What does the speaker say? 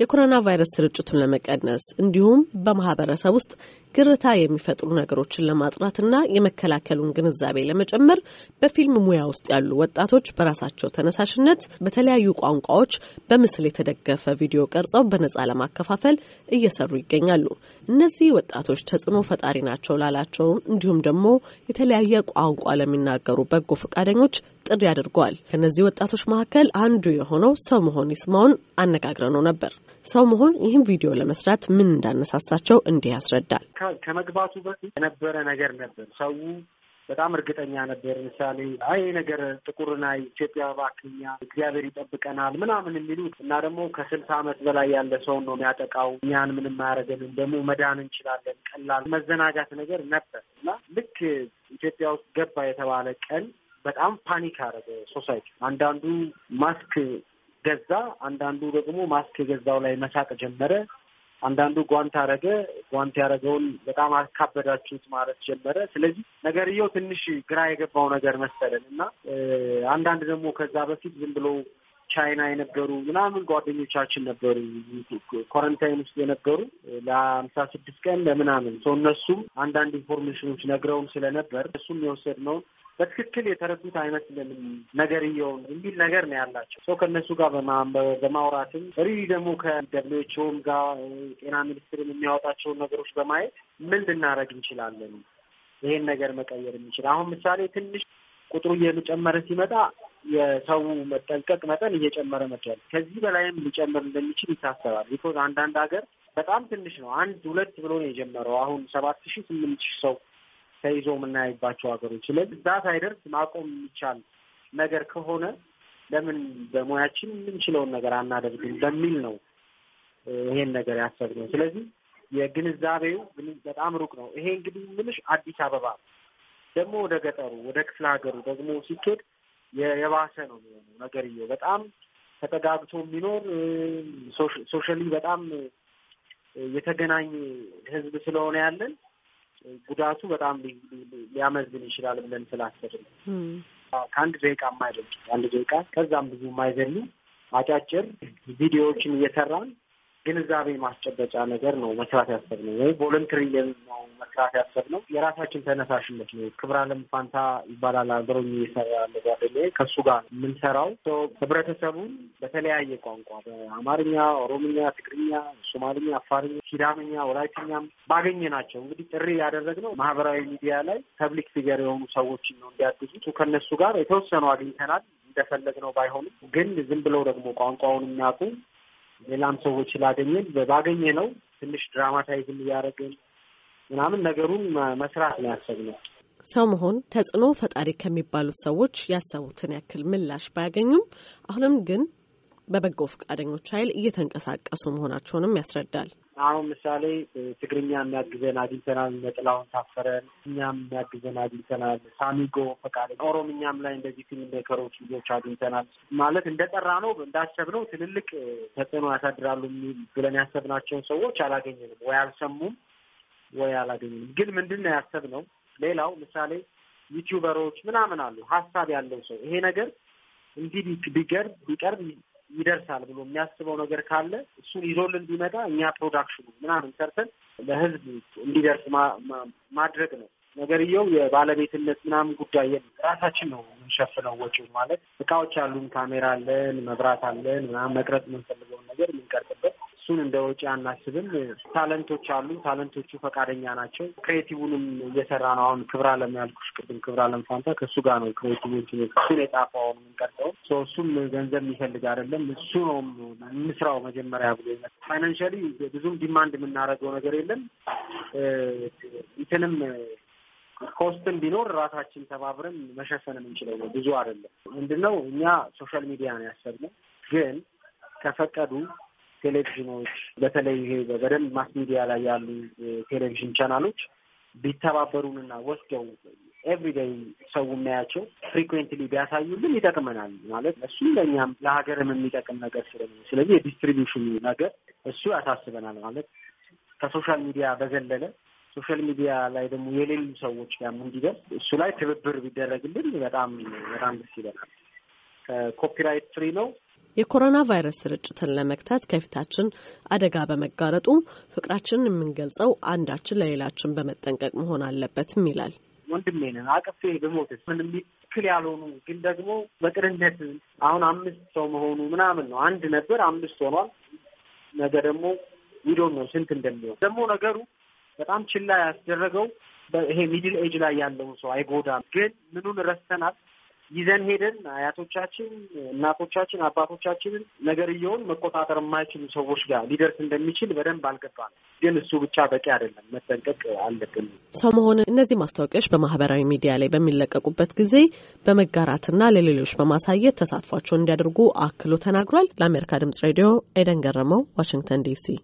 የኮሮና ቫይረስ ስርጭቱን ለመቀነስ እንዲሁም በማህበረሰብ ውስጥ ግርታ የሚፈጥሩ ነገሮችን ለማጥራትና የመከላከሉን ግንዛቤ ለመጨመር በፊልም ሙያ ውስጥ ያሉ ወጣቶች በራሳቸው ተነሳሽነት በተለያዩ ቋንቋዎች በምስል የተደገፈ ቪዲዮ ቀርጸው በነጻ ለማከፋፈል እየሰሩ ይገኛሉ። እነዚህ ወጣቶች ተጽዕኖ ፈጣሪ ናቸው ላላቸው እንዲሁም ደግሞ የተለያየ ቋንቋ ለሚናገሩ በጎ ፈቃደኞች ጥሪ አድርገዋል። ከእነዚህ ወጣቶች መካከል አንዱ የሆነው ሰው መሆን ይስማውን አነጋግረነው ነበር። ሰው መሆን ይህም ቪዲዮ ለመስራት ምን እንዳነሳሳቸው እንዲህ ያስረዳል። ከመግባቱ በፊት የነበረ ነገር ነበር። ሰው በጣም እርግጠኛ ነበር። ምሳሌ አይ ነገር ጥቁርና ኢትዮጵያ ባክኛ እግዚአብሔር ይጠብቀናል ምናምን የሚሉት እና ደግሞ ከስልሳ ዓመት በላይ ያለ ሰውን ነው የሚያጠቃው። እኛን ምንም አያደርገንም፣ ደግሞ መዳን እንችላለን። ቀላል መዘናጋት ነገር ነበር እና ልክ ኢትዮጵያ ውስጥ ገባ የተባለ ቀን በጣም ፓኒክ አደረገ ሶሳይቲ። አንዳንዱ ማስክ ገዛ፣ አንዳንዱ ደግሞ ማስክ የገዛው ላይ መሳቅ ጀመረ። አንዳንዱ ጓንት አረገ። ጓንት ያደረገውን በጣም አካበዳችሁት ማለት ጀመረ። ስለዚህ ነገርየው ትንሽ ግራ የገባው ነገር መሰለን እና አንዳንድ ደግሞ ከዛ በፊት ዝም ብሎ ቻይና የነበሩ ምናምን ጓደኞቻችን ነበሩ ኮረንታይን ውስጥ የነበሩ ለአምሳ ስድስት ቀን ለምናምን ሰው እነሱም አንዳንድ ኢንፎርሜሽኖች ነግረውን ስለነበር እሱም የወሰድነውን በትክክል የተረዱት ነገር ነገርየውን የሚል ነገር ነው ያላቸው ሰው ከእነሱ ጋር በማውራትም ሪ ደግሞ ከደብሊውኤችኦም ጋር ጤና ሚኒስትርም የሚያወጣቸውን ነገሮች በማየት ምን ልናደርግ እንችላለን፣ ይሄን ነገር መቀየር የሚችል አሁን ምሳሌ ትንሽ ቁጥሩ እየጨመረ ሲመጣ የሰው መጠንቀቅ መጠን እየጨመረ መጥቷል። ከዚህ በላይም ሊጨምር እንደሚችል ይታሰባል። ቢኮዝ አንዳንድ ሀገር በጣም ትንሽ ነው። አንድ ሁለት ብሎ ነው የጀመረው። አሁን ሰባት ሺህ ስምንት ሺህ ሰው ተይዞ የምናይባቸው ሀገሮች። ስለዚህ ዛት አይደርስ ማቆም የሚቻል ነገር ከሆነ ለምን በሙያችን የምንችለውን ነገር አናደርግም በሚል ነው ይሄን ነገር ያሰብነው። ስለዚህ የግንዛቤው በጣም ሩቅ ነው። ይሄ እንግዲህ ምንሽ አዲስ አበባ ደግሞ ወደ ገጠሩ ወደ ክፍለ ሀገሩ ደግሞ ሲኬድ የባሰ ነው የሚሆነው ነገርየው በጣም ተጠጋግቶ የሚኖር ሶሻሊ በጣም የተገናኝ ህዝብ ስለሆነ ያለን ጉዳቱ በጣም ሊያመዝን ይችላል ብለን ስላሰብን ከአንድ ደቂቃ የማይበልጡ አንድ ደቂቃ ከዛም ብዙ የማይዘሉ አጫጭር ቪዲዮዎችን እየሰራን ግንዛቤ ማስጨበጫ ነገር ነው መስራት ያሰብነው፣ ወይም ቮለንትሪ ነው መስራት ያሰብነው። የራሳችን ተነሳሽነት ነው። ክብረ አለም ፋንታ ይባላል አብሮኝ የሰራ ያለ ጓደኛዬ፣ ከሱ ጋር ነው የምንሰራው። ህብረተሰቡን በተለያየ ቋንቋ በአማርኛ፣ ኦሮምኛ፣ ትግርኛ፣ ሶማልኛ፣ አፋርኛ፣ ሲዳምኛ፣ ወላይትኛም ባገኘ ናቸው እንግዲህ ጥሪ ያደረግነው ማህበራዊ ሚዲያ ላይ ፐብሊክ ፊገር የሆኑ ሰዎችን ነው እንዲያግዙ። ከእነሱ ጋር የተወሰኑ አግኝተናል እንደፈለግነው ባይሆንም ግን ዝም ብለው ደግሞ ቋንቋውን የሚያውቁ ሌላም ሰዎች ላገኘን ባገኘ ነው ትንሽ ድራማታይዝም እያደረግን ምናምን ነገሩን መስራት ነው ያሰብነው። ሰው መሆን ተጽዕኖ ፈጣሪ ከሚባሉት ሰዎች ያሰቡትን ያክል ምላሽ ባያገኙም አሁንም ግን በበጎ ፈቃደኞች ኃይል እየተንቀሳቀሱ መሆናቸውንም ያስረዳል። አሁን ምሳሌ ትግርኛ የሚያግዘን አግኝተናል። ነጥላውን ታፈረን እኛም የሚያግዘን አግኝተናል። ሳሚጎ ፈቃደ ኦሮምኛም ላይ እንደዚህ ፊልም ሜከሮች ልጆች አግኝተናል። ማለት እንደጠራ ነው እንዳሰብነው ትልልቅ ተጽዕኖ ያሳድራሉ ብለን ያሰብናቸውን ሰዎች አላገኘንም፣ ወይ አልሰሙም፣ ወይ አላገኘንም። ግን ምንድን ነው ነው። ሌላው ምሳሌ ዩቲዩበሮች ምናምን አሉ ሀሳብ ያለው ሰው ይሄ ነገር እንዲህ ቢቀርብ ቢቀርብ ይደርሳል ብሎ የሚያስበው ነገር ካለ እሱን ይዞልን ቢመጣ እኛ ፕሮዳክሽኑ ምናምን ሰርተን ለህዝብ እንዲደርስ ማድረግ ነው። ነገርየው የባለቤትነት ምናምን ጉዳይ ራሳችን ነው የምንሸፍነው ወጪ ማለት እቃዎች አሉን፣ ካሜራ አለን፣ መብራት አለን፣ ምናምን መቅረጽ ምንፈልግ እሱን እንደ ወጪ አናስብም። ታለንቶች አሉ። ታለንቶቹ ፈቃደኛ ናቸው። ክሬቲቡንም እየሰራ ነው። አሁን ክብር አለም ያልኩሽ ቅድም ክብር አለም ፋንታ ከእሱ ጋር ነው ክሬቲቦች እሱን አሁን የምንቀርጠው እሱም ገንዘብ የሚፈልግ አይደለም። እሱ ነው የምስራው መጀመሪያ ብሎ ፋይናንሻሊ ብዙም ዲማንድ የምናደርገው ነገር የለም። እንትንም ኮስትን ቢኖር ራሳችን ተባብረን መሸፈን የምንችለው ነው። ብዙ አይደለም። ምንድነው እኛ ሶሻል ሚዲያ ነው ያሰብነው ግን ከፈቀዱ ቴሌቪዥኖች በተለይ ይሄ በደንብ ማስ ሚዲያ ላይ ያሉ ቴሌቪዥን ቻናሎች ቢተባበሩንና ወስደው ኤቭሪዴይ ሰው የሚያያቸው ፍሪኩዌንትሊ ቢያሳዩልን ይጠቅመናል። ማለት እሱም ለእኛም ለሀገርም የሚጠቅም ነገር ስለሆነ ስለዚህ የዲስትሪቢዩሽን ነገር እሱ ያሳስበናል። ማለት ከሶሻል ሚዲያ በዘለለ ሶሻል ሚዲያ ላይ ደግሞ የሌሉ ሰዎች ጋርም እንዲደርስ እሱ ላይ ትብብር ቢደረግልን በጣም በጣም ደስ ይለናል። ኮፒራይት ፍሪ ነው የኮሮና ቫይረስ ስርጭትን ለመግታት ከፊታችን አደጋ በመጋረጡ ፍቅራችንን የምንገልጸው አንዳችን ለሌላችን በመጠንቀቅ መሆን አለበትም ይላል። ወንድሜንን አቅፌ በሞትስ ምንም ትክክል ያልሆኑ ግን ደግሞ በቅንነት አሁን አምስት ሰው መሆኑ ምናምን ነው። አንድ ነበር አምስት ሆኗል። ነገ ደግሞ ዊዶን ነው ስንት እንደሚሆን ደግሞ ነገሩ በጣም ችላ ያስደረገው ይሄ ሚድል ኤጅ ላይ ያለውን ሰው አይጎዳም። ግን ምኑን ረስተናል ይዘን ሄደን አያቶቻችን፣ እናቶቻችን፣ አባቶቻችንን ነገርየውን መቆጣጠር የማይችሉ ሰዎች ጋር ሊደርስ እንደሚችል በደንብ አልገባል። ግን እሱ ብቻ በቂ አይደለም፣ መጠንቀቅ አለብን። ሰው መሆንን እነዚህ ማስታወቂያዎች በማህበራዊ ሚዲያ ላይ በሚለቀቁበት ጊዜ በመጋራትና ለሌሎች በማሳየት ተሳትፏቸውን እንዲያደርጉ አክሎ ተናግሯል። ለአሜሪካ ድምጽ ሬዲዮ ኤደን ገረመው፣ ዋሽንግተን ዲሲ